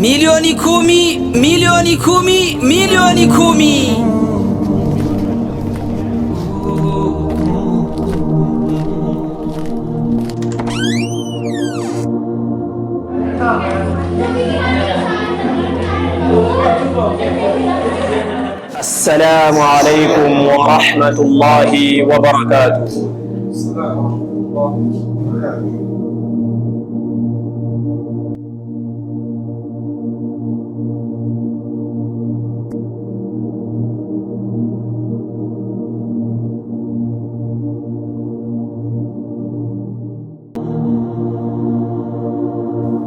مليوني كومي مليوني كومي مليوني كومي السلام عليكم ورحمة الله وبركاته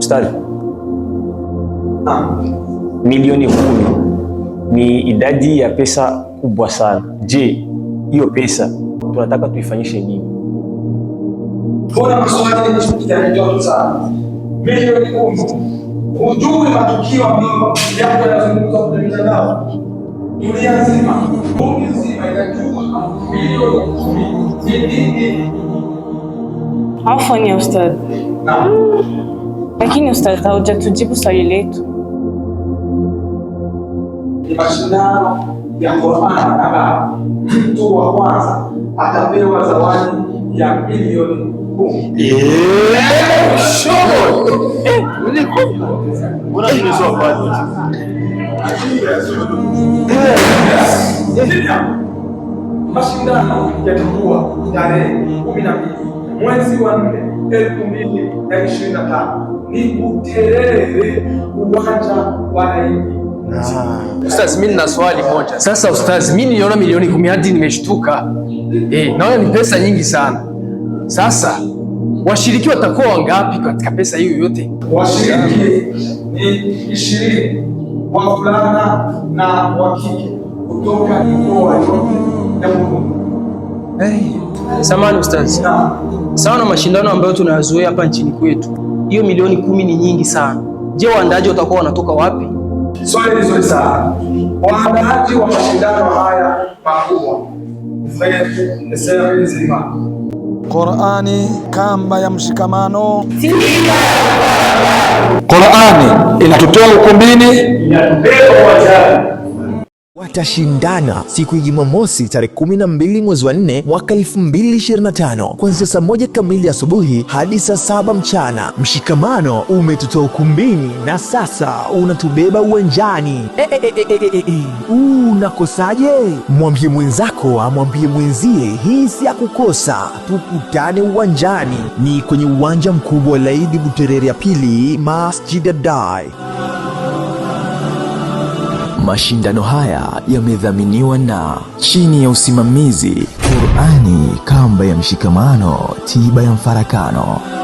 Ustadhi, milioni kumi ni idadi ya pesa kubwa sana. Je, hiyo pesa tunataka tuifanyishe nini? Kuna maswali joto sana. Milioni kumi, hujui matukio ambayo yako yanazungumzwa kwenye mitandao dunia nzima, bunge nzima inajua milioni kumi ni nini? Afanye ustadhi. Lakini ustadhi, haujatujibu swali letu. Ni mashindano ya Qur'an kadhaa. Mtu wa kwanza atapewa zawadi ya milioni kumi. Mashindano yatakuwa tarehe kumi na mbili mwezi wa nne elfu mbili na ishirini na tano uwanja wa ah. Ustaz, mimi nina swali moja. Sasa ustaz, mimi niliona milioni kumi hadi nimeshtuka. Eh, naona ni pesa nyingi sana. Sasa washiriki watakuwa wangapi katika pesa hiyo yote? Washiriki ni ishirini wavulana na kutoka mkoa Hey, ustaz. Sawa na mashindano ambayo tunayazoea hapa nchini kwetu hiyo milioni kumi ni nyingi sana. Je, waandaaji watakuwa wanatoka wapi? Swali nzuri sana. Waandaaji wa mashindano haya makubwa nzima, Qur'ani kamba ya mshikamano. Qur'ani inatutoa ukumbini, inatupeleka uwanjani watashindana siku ya Jumamosi tarehe 12 mwezi wa 4 mwaka 2025 kuanzia saa moja kamili asubuhi hadi saa saba mchana. Mshikamano umetutoa ukumbini na sasa unatubeba uwanjani. Eh, eh, eh, Unakosaje? Mwambie mwenzako amwambie mwenzie, hii si ya kukosa. Tukutane uwanjani, ni kwenye uwanja mkubwa Laidi Buterere ya pili, Masjid Dai. Mashindano haya yamedhaminiwa na chini ya usimamizi Qur'ani, kamba ya mshikamano, tiba ya mfarakano.